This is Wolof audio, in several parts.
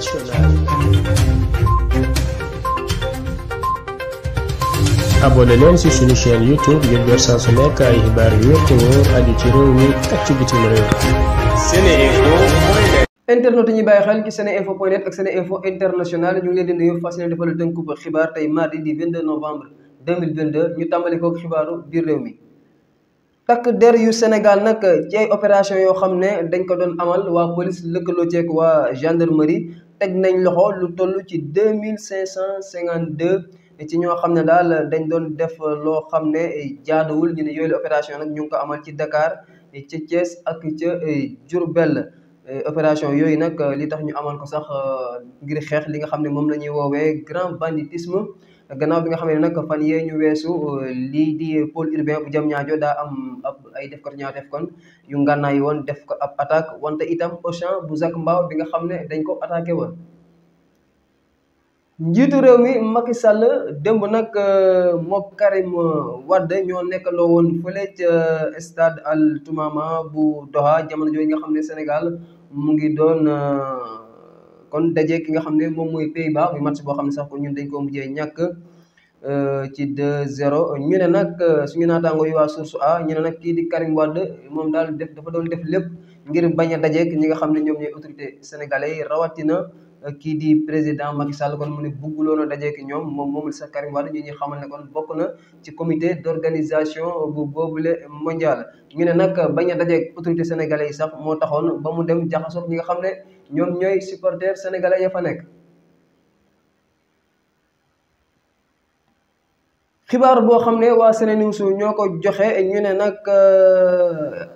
internationale. abonné leen ci suñu chaîne youtube ngir jot saa su nekk ay xibaar yu wér te wóor ci réew mi ak ci bitim réew. internet yi ñuy bàyyi xel ci seneinfo point net ak seneinfo international ñu ngi leen di nuyu fas yéene defal tënku ba xibaar tey mardi di 22 novembre 2022 ñu tàmbali koog xibaaru biir réew mi. takk der yu Sénégal nag ci opération yoo xam ne dañ ko doon amal waa police lëkkaloo ceeg waa gendarmerie teg nañ loxo lu toll ci deux mille cinq cent cinquante deux ci ñoo xam ne daal dañ doon def loo xam ne jaaduwul ñu ne yooyu opération nag ñu ngi ko amal ci Dakar ci Thiès ak ca Diourbel opération yooyu nag li tax ñu amal ko sax ngir xeex li nga xam ne moom la ñuy woowee grand banditisme gannaaw bi nga xamee ne nag fan yee ñu weesu lii di pôle urbain bu Diamniadio daa am ab ay def ko ñaa def kon yu ngànnaay woon def ko ab attaque wante itam Auchan bu Zac Mbao bi nga xam ne dañ ko attaqué woon. njiitu réew mi Macky Sall démb nag euh, mook Karim Wade ñoo nekkaloo woon fële ca euh, stade Al Toumama bu Doha jamono jooju nga xam ne Sénégal mu ngi doon. Euh, kon daje ki nga xam ne moom mooy Pays-Bas muy match boo xam ne sax ko ñun dañ koo mujjee ñàkk euh, ci 2-0 ñu ne nag euh, suñu naataango yi waa source A ñu ne nag kii di Karim Wade moom daal def dafa doon def lépp ngir bañ a dajeek ñi nga xam ne ñoom ñooy autorité sénégalais yi rawatina. kii di président Macky Sall kon mu ne bugguloon a dajeek ñoom moom moomul sax Karim Wade ñu ñuy xamal ne kon bokk na ci comité d'organisation bu boobule mondial ñu ne nag bañ a dajeek autorité sénégalais yi sax moo taxoon ba mu dem jaxasoog ñi nga xam ne ñoom ñooy supporter sénégalais ya fa nekk xibaar boo xam ne waa Sénégal ñoo ko joxe ñu ne nag euh,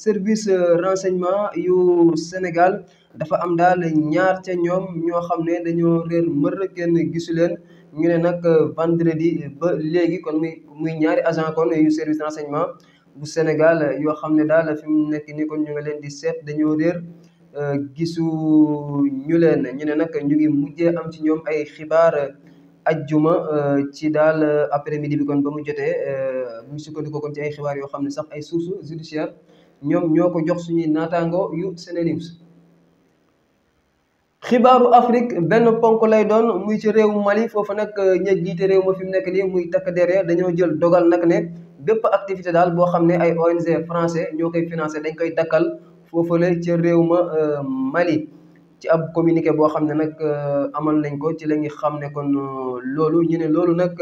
service euh, renseignement yu Sénégal dafa am daal ñaar ca ñoom ñoo xam ne dañoo réer mër kenn gisu leen ñu ne nag euh, vendredi ba léegi kon muy muy ñaari agent kon yu service renseignement bu Sénégal yoo xam ne daal fi nekk nii kon ñu ngi leen di seet dañoo réer euh, gisu ñu leen ñu ne nag ñu ngi mujjee am ci ñoom ay xibaar ajjuma ci daal après midi bi kon ba mu jotee mu sukkandiku kon ci ay xibaar yoo xam ne sax ay sources judiciaires ñoom ñoo ko jox suñuy naataangoo yu SeneNews xibaaru Afrique benn ponk lay doon muy ci réewu Mali foofa nag euh, ña jiite réew ma fi mu nekk nii muy takk der dañoo jël dogal nag ne bépp activité daal boo xam ne ay ONG français ñoo koy financé dañ koy dakkal foofale ca réew ma euh, Mali ci ab communiqué boo xam ne nag euh, amal nañ ko ci la ngi xam ne kon loolu ñu ne loolu nag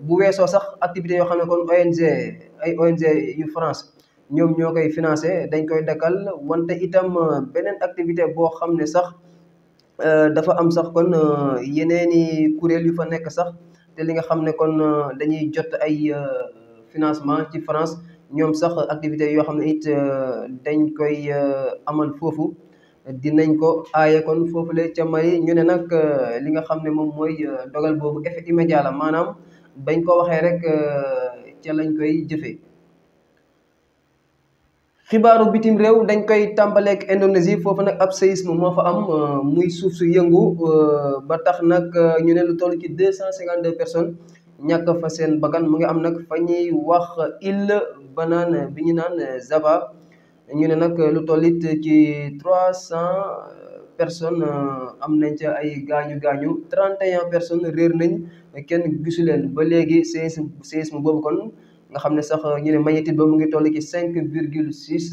bu weesoo sax activité yoo xam ne kon ONG ay ONG yu France ñoom ñoo koy financé dañ koy dakkal wante itam euh, beneen activité boo xam ne sax euh, dafa am sax kon euh, yeneeni kuréel yu fa nekk sax te li nga xam ne kon dañuy jot ay financement ci France ñoom sax activité yoo xam ne it dañ koy amal foofu dinañ ko aaye kon foofule ca Mali ñu ne nag li nga xam ne moom mooy dogal boobu effet immédiat la maanaam bañ ko waxee rek ca lañ koy jëfee xibaaru bitim réew dañ koy tàmbaleeg Indonésie foofu nag ab séisme moo fa am euh, muy suuf su yëngu euh, ba tax nag euh, ñu ne lu toll ci deux cent cinquante deux personnes ñàkk fa seen bakkan mu ngi am nag fa ñuy wax île banaan bi ñu naan Java ñu ne nag lu toll it ci trois cent personnes am nañ ca ay gaañu gaañu trente et un personnes réer nañ kenn gisu leen ba léegi séisme séisme boobu kon. nga xam ne sax euh, ñu ne magnitude ba mu ngi toll ki cinq virgule six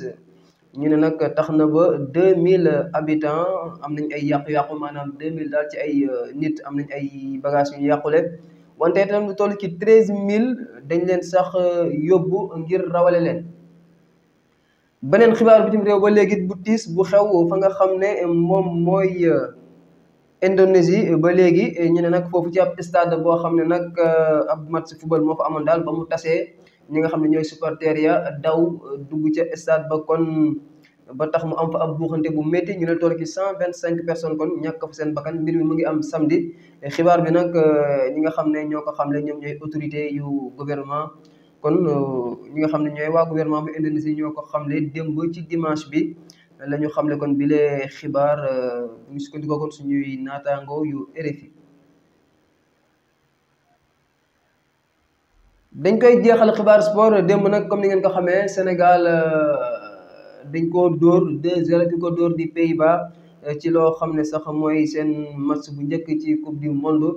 ñu ne nag tax na ba deux mille habitants am nañ ay yàqu-yàqu maanaam deux mille daal ci ay euh, nit am nañ ay bagages yu ñu yàqule wante itam lu toll ci treize mille dañ leen sax euh, yóbbu ngir rawale leen beneen xibaar bitim réew ba léegi bu tiis bu xew fa nga xam ne moom mooy Indonésie ba léegi ñu ne nag foofu ci ab stade boo xam ne nag ab match football moo fa amoon daal ba mu tasee ñi nga xam ne ñooy supporters ya daw euh, dugg ca stade ba kon ba tax mu am fa ab buuxante bu métti ñu ne toll ci cent vingt cinq personnes kon ñàkk fa seen bakkan mbir mi mu ngi am samedi xibaar bi nag euh, ñi nga xam ne ñoo ko xamle ñoom ñooy autorité yu gouvernement kon euh, ñi nga xam ne ñooy waa gouvernement bu Indonésie ñoo ko xamle démb ci dimanche bi la ñu xamle kon bile xibaar bu ñu sukkandikoo kon suñuy naataango yu RFI dañ koy jeexal xibaar sport démb nag comme ni ngeen ko xamee Sénégal euh, dañ ko dóor 2-0 ki ko dóor di Pays-Bas euh, ci loo xam ne sax mooy seen match bu njëkk ci coupe du monde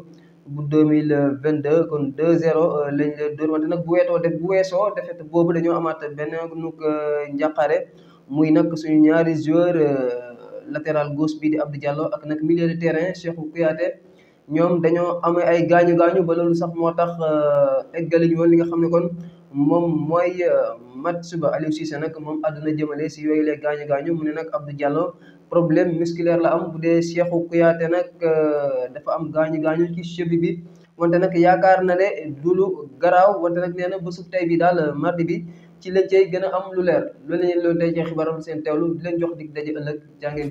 bu 2022 kon 2-0 euh, lañ la dóor wante nag bu weetoo def bu weesoo defet boobu dañoo amaat benn nu ko njàqare muy nag suñu ñaari joueur latéral gauche bi di Abdou Diallo ak nag milieu de terrain Cheikhou Kouyaté ñoom dañoo amee ay gaañu gaañu ba loolu sax moo tax euh, eggali ñu woon li nga xam ne kon moom mooy euh, match ba Aliou Cissé nag moom àdduna jëmale si yooyu lay gaañu gaañu mu ne nag Abdou Diallo problème musculaire la am bu dee Cheikhou Kouyaté nag euh, dafa am gaañu gaañu ci cheville bi. wante nag yaakaar na ne du lu garaaw wante nag nee na bésub tey bi daal mardi bi ci lañ cay gën a am lu leer loolu la ñuy loolu tey ci xibaaram seen teewlu di leen jox dig daje ëllëg jaa ngeen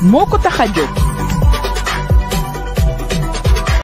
moo ko tax a jóg